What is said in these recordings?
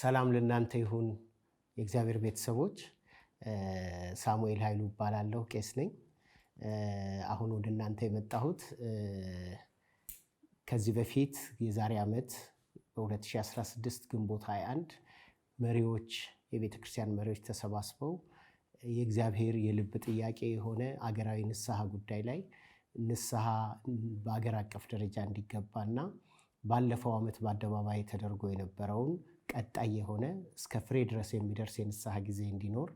ሰላም ለእናንተ ይሁን የእግዚአብሔር ቤተሰቦች። ሳሙኤል ኃይሉ እባላለሁ፣ ቄስ ነኝ። አሁን ወደ እናንተ የመጣሁት ከዚህ በፊት የዛሬ ዓመት በ2016 ግንቦት 21 መሪዎች የቤተ ክርስቲያን መሪዎች ተሰባስበው የእግዚአብሔር የልብ ጥያቄ የሆነ አገራዊ ንስሐ ጉዳይ ላይ ንስሐ በአገር አቀፍ ደረጃ እንዲገባና ባለፈው ዓመት በአደባባይ ተደርጎ የነበረውን ቀጣይ የሆነ እስከ ፍሬ ድረስ የሚደርስ የንስሐ ጊዜ እንዲኖር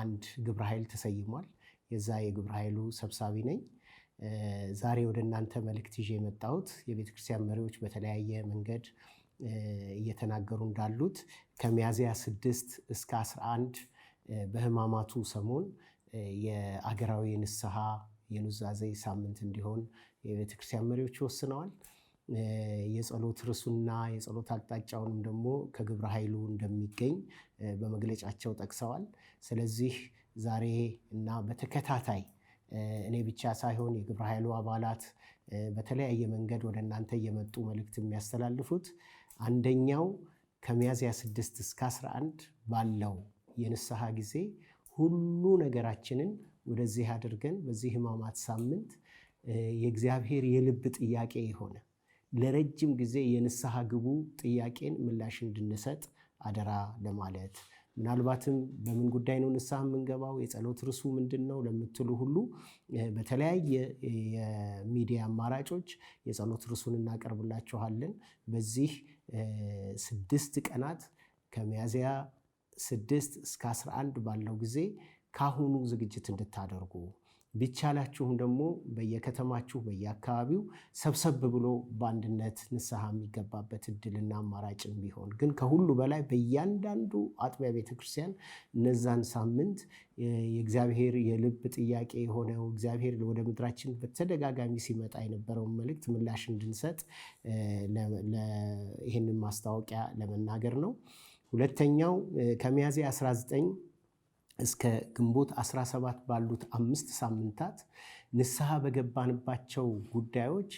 አንድ ግብረ ኃይል ተሰይሟል። የዛ የግብረ ኃይሉ ሰብሳቢ ነኝ። ዛሬ ወደ እናንተ መልእክት ይዤ የመጣሁት የቤተክርስቲያን መሪዎች በተለያየ መንገድ እየተናገሩ እንዳሉት ከሚያዝያ ስድስት እስከ 11 በህማማቱ ሰሞን የአገራዊ ንስሐ የኑዛዜ ሳምንት እንዲሆን የቤተክርስቲያን መሪዎች ወስነዋል። የጸሎት ርሱና የጸሎት አቅጣጫውንም ደግሞ ከግብረ ኃይሉ እንደሚገኝ በመግለጫቸው ጠቅሰዋል። ስለዚህ ዛሬ እና በተከታታይ እኔ ብቻ ሳይሆን የግብረ ኃይሉ አባላት በተለያየ መንገድ ወደ እናንተ እየመጡ መልእክት የሚያስተላልፉት አንደኛው ከሚያዝያ 6 እስከ 11 ባለው የንስሐ ጊዜ ሁሉ ነገራችንን ወደዚህ አድርገን በዚህ ሕማማት ሳምንት የእግዚአብሔር የልብ ጥያቄ የሆነ ለረጅም ጊዜ የንስሐ ግቡ ጥያቄን ምላሽ እንድንሰጥ አደራ ለማለት ምናልባትም በምን ጉዳይ ነው ንስሐ የምንገባው፣ የጸሎት ርሱ ምንድን ነው ለምትሉ ሁሉ በተለያየ የሚዲያ አማራጮች የጸሎት ርሱን እናቀርብላችኋለን። በዚህ ስድስት ቀናት ከሚያዝያ ስድስት እስከ አስራ አንድ ባለው ጊዜ ካሁኑ ዝግጅት እንድታደርጉ ቢቻላችሁም ደግሞ በየከተማችሁ በየአካባቢው ሰብሰብ ብሎ በአንድነት ንስሐ የሚገባበት እድልና አማራጭም ቢሆን ግን ከሁሉ በላይ በእያንዳንዱ አጥቢያ ቤተክርስቲያን እነዛን ሳምንት የእግዚአብሔር የልብ ጥያቄ የሆነው እግዚአብሔር ወደ ምድራችን በተደጋጋሚ ሲመጣ የነበረውን መልእክት ምላሽ እንድንሰጥ ይህንን ማስታወቂያ ለመናገር ነው። ሁለተኛው ከሚያዝያ 19 እስከ ግንቦት 17 ባሉት አምስት ሳምንታት ንስሐ በገባንባቸው ጉዳዮች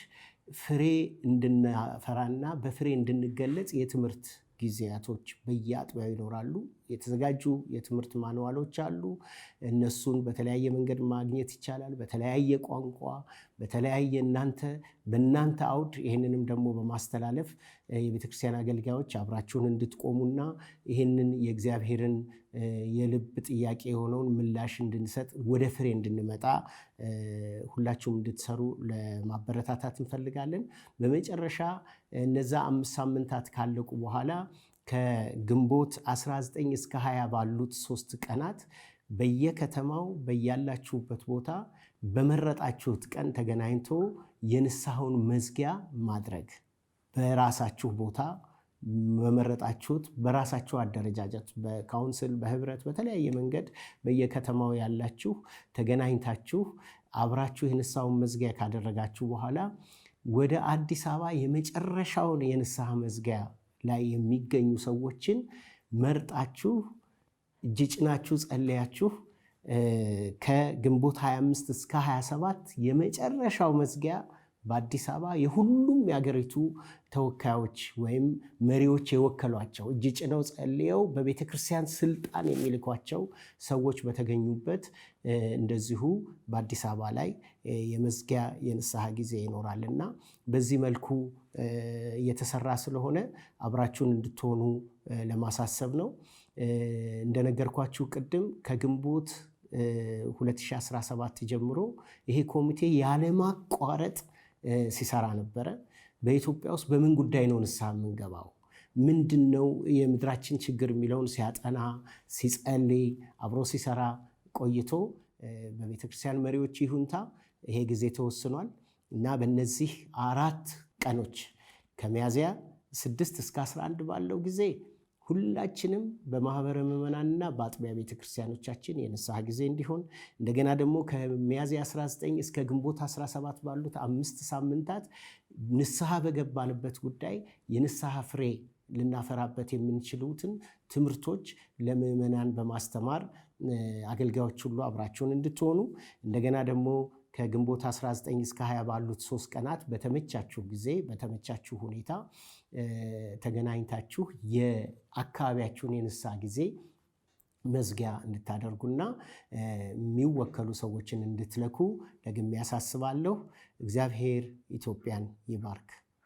ፍሬ እንድናፈራና በፍሬ እንድንገለጽ የትምህርት ጊዜያቶች በየአጥቢያው ይኖራሉ። የተዘጋጁ የትምህርት ማንዋሎች አሉ። እነሱን በተለያየ መንገድ ማግኘት ይቻላል። በተለያየ ቋንቋ፣ በተለያየ እናንተ በእናንተ አውድ ይህንንም ደግሞ በማስተላለፍ የቤተክርስቲያን አገልጋዮች አብራችሁን እንድትቆሙና ይህንን የእግዚአብሔርን የልብ ጥያቄ የሆነውን ምላሽ እንድንሰጥ ወደ ፍሬ እንድንመጣ ሁላችሁም እንድትሰሩ ለማበረታታት እንፈልጋለን። በመጨረሻ እነዛ አምስት ሳምንታት ካለቁ በኋላ ከግንቦት 19 እስከ 20 ባሉት ሶስት ቀናት በየከተማው በያላችሁበት ቦታ በመረጣችሁት ቀን ተገናኝቶ የንስሐውን መዝጊያ ማድረግ በራሳችሁ ቦታ በመረጣችሁት በራሳችሁ አደረጃጀት በካውንስል በህብረት በተለያየ መንገድ በየከተማው ያላችሁ ተገናኝታችሁ አብራችሁ የንስሐውን መዝጊያ ካደረጋችሁ በኋላ ወደ አዲስ አበባ የመጨረሻውን የንስሐ መዝጊያ ላይ የሚገኙ ሰዎችን መርጣችሁ እጅጭናችሁ ጸለያችሁ ከግንቦት 25 እስከ 27 የመጨረሻው መዝጊያ በአዲስ አበባ የሁሉም የአገሪቱ ተወካዮች ወይም መሪዎች የወከሏቸው እጅ ጭነው ጸልየው በቤተ ክርስቲያን ስልጣን የሚልኳቸው ሰዎች በተገኙበት እንደዚሁ በአዲስ አበባ ላይ የመዝጊያ የንስሐ ጊዜ ይኖራል እና በዚህ መልኩ እየተሰራ ስለሆነ አብራችሁን እንድትሆኑ ለማሳሰብ ነው። እንደነገርኳችሁ ቅድም ከግንቦት 2017 ጀምሮ ይሄ ኮሚቴ ያለማቋረጥ ሲሰራ ነበረ። በኢትዮጵያ ውስጥ በምን ጉዳይ ነው ንስሐ የምንገባው? ምንድን ነው የምድራችን ችግር የሚለውን ሲያጠና፣ ሲጸልይ፣ አብሮ ሲሰራ ቆይቶ በቤተክርስቲያን መሪዎች ይሁንታ ይሄ ጊዜ ተወስኗል እና በነዚህ አራት ቀኖች ከሚያዝያ ስድስት እስከ 11 ባለው ጊዜ ሁላችንም በማህበረ ምዕመናንና በአጥቢያ ቤተክርስቲያኖቻችን የንስሐ ጊዜ እንዲሆን እንደገና ደግሞ ከሚያዝያ 19 እስከ ግንቦት 17 ባሉት አምስት ሳምንታት ንስሐ በገባንበት ጉዳይ የንስሐ ፍሬ ልናፈራበት የምንችሉትን ትምህርቶች ለምዕመናን በማስተማር አገልጋዮች ሁሉ አብራችሁን እንድትሆኑ እንደገና ደግሞ ከግንቦት 19 እስከ 20 ባሉት ሶስት ቀናት በተመቻችሁ ጊዜ በተመቻችሁ ሁኔታ ተገናኝታችሁ የአካባቢያችሁን የንስሐ ጊዜ መዝጊያ እንድታደርጉና የሚወከሉ ሰዎችን እንድትለኩ ደግሜ ያሳስባለሁ። እግዚአብሔር ኢትዮጵያን ይባርክ።